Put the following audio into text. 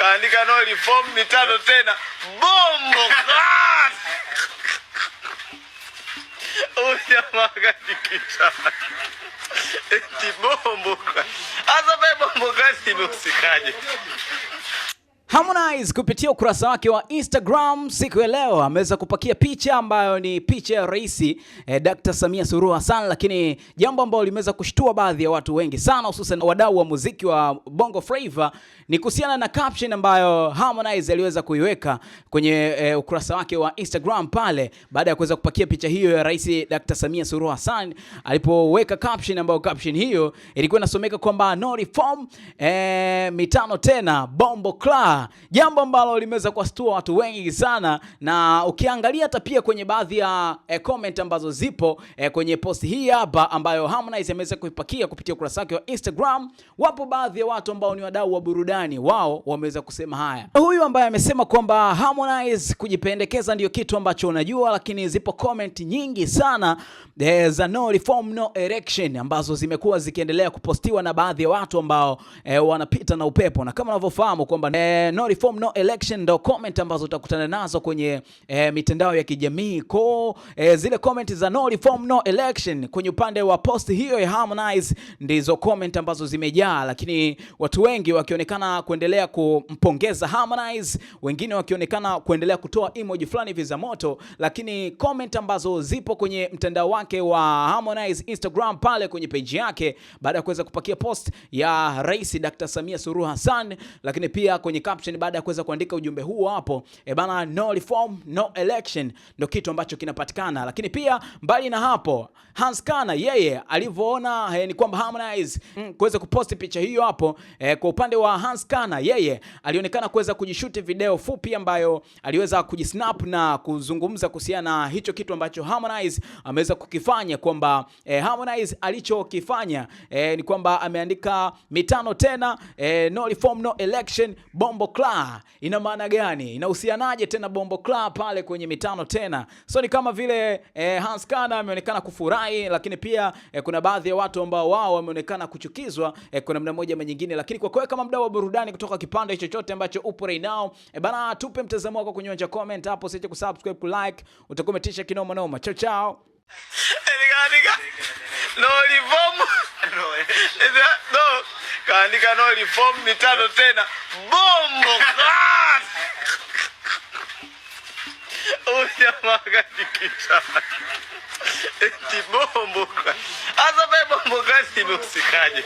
kaandika no reform ni tano tena, bombo eti bombo. Asa bombo kazi imehusikaje? Harmonize kupitia ukurasa wake wa Instagram siku ya leo ameweza kupakia picha ambayo ni picha ya Rais eh, Dr. Samia Suluhu Hassan, lakini jambo ambalo limeweza kushtua baadhi ya watu wengi sana, hususan wadau wa muziki wa Bongo Flava ni kuhusiana na caption ambayo Harmonize aliweza kuiweka kwenye eh, ukurasa wake wa Instagram pale baada ya kuweza kupakia picha hiyo ya Rais Dr. Samia Suluhu Hassan, alipoweka caption ambayo caption hiyo ilikuwa inasomeka kwamba no reform eh, mitano tena Bombo Club jambo ambalo limeweza kuwastua watu wengi sana, na ukiangalia hata pia kwenye baadhi ya e, comment ambazo zipo e, kwenye post hii hapa ambayo Harmonize ameweza kuipakia kupitia ukurasa wake wa Instagram, wapo baadhi ya watu ambao ni wadau wa burudani, wao wameweza kusema haya. Huyu ambaye amesema kwamba Harmonize kujipendekeza ndiyo kitu ambacho unajua, lakini zipo comment nyingi sana e, za no reform no election ambazo zimekuwa zikiendelea kupostiwa na baadhi ya watu ambao e, wanapita na upepo na kama unavyofahamu kwamba e, Eh, no reform, no election ndo comment ambazo utakutana nazo kwenye e, mitandao ya kijamii ko e, zile comment za no reform, no election kwenye upande wa post hiyo ya Harmonize ndizo comment ambazo zimejaa, lakini watu wengi wakionekana kuendelea kumpongeza Harmonize, wengine wakionekana kuendelea kutoa emoji fulani hivi za moto, lakini comment ambazo zipo kwenye mtandao wake wa Harmonize Instagram pale kwenye page yake baada ya kuweza kupakia post ya Rais Dr. Samia Suluhu Hassan, lakini pia kwenye caption baada ya kuweza kuandika ujumbe huo hapo, e bana, no reform no election ndo kitu ambacho kinapatikana. Lakini pia mbali na hapo, Hans Kana yeye alivyoona e, ni kwamba Harmonize mm, kuweza kuposti picha hiyo hapo e, kwa upande wa Hans Kana yeye alionekana kuweza kujishuti video fupi ambayo aliweza kujisnap na kuzungumza kuhusiana na hicho kitu ambacho Harmonize ameweza kukifanya kwamba e, Harmonize alichokifanya e, ni kwamba ameandika mitano tena e, no reform no election bombo Bombokla ina maana gani? Inahusianaje tena Bombokla pale kwenye mitano tena? So ni kama vile eh, Hans Kana ameonekana kufurahi, lakini pia eh, kuna baadhi ya watu ambao wao wameonekana kuchukizwa eh, kwa namna moja ama nyingine. Lakini kwa kweli kama mdau wa burudani kutoka kipande chochote ambacho upo right now eh, bana, tupe mtazamo wako kwenye uwanja comment hapo, usiache kusubscribe, ku like, utakuwa kinoma noma. Chao chao kaandika no reform ni tano tena, bombo eti bombo. Sasa bombo kazi imehusikaje?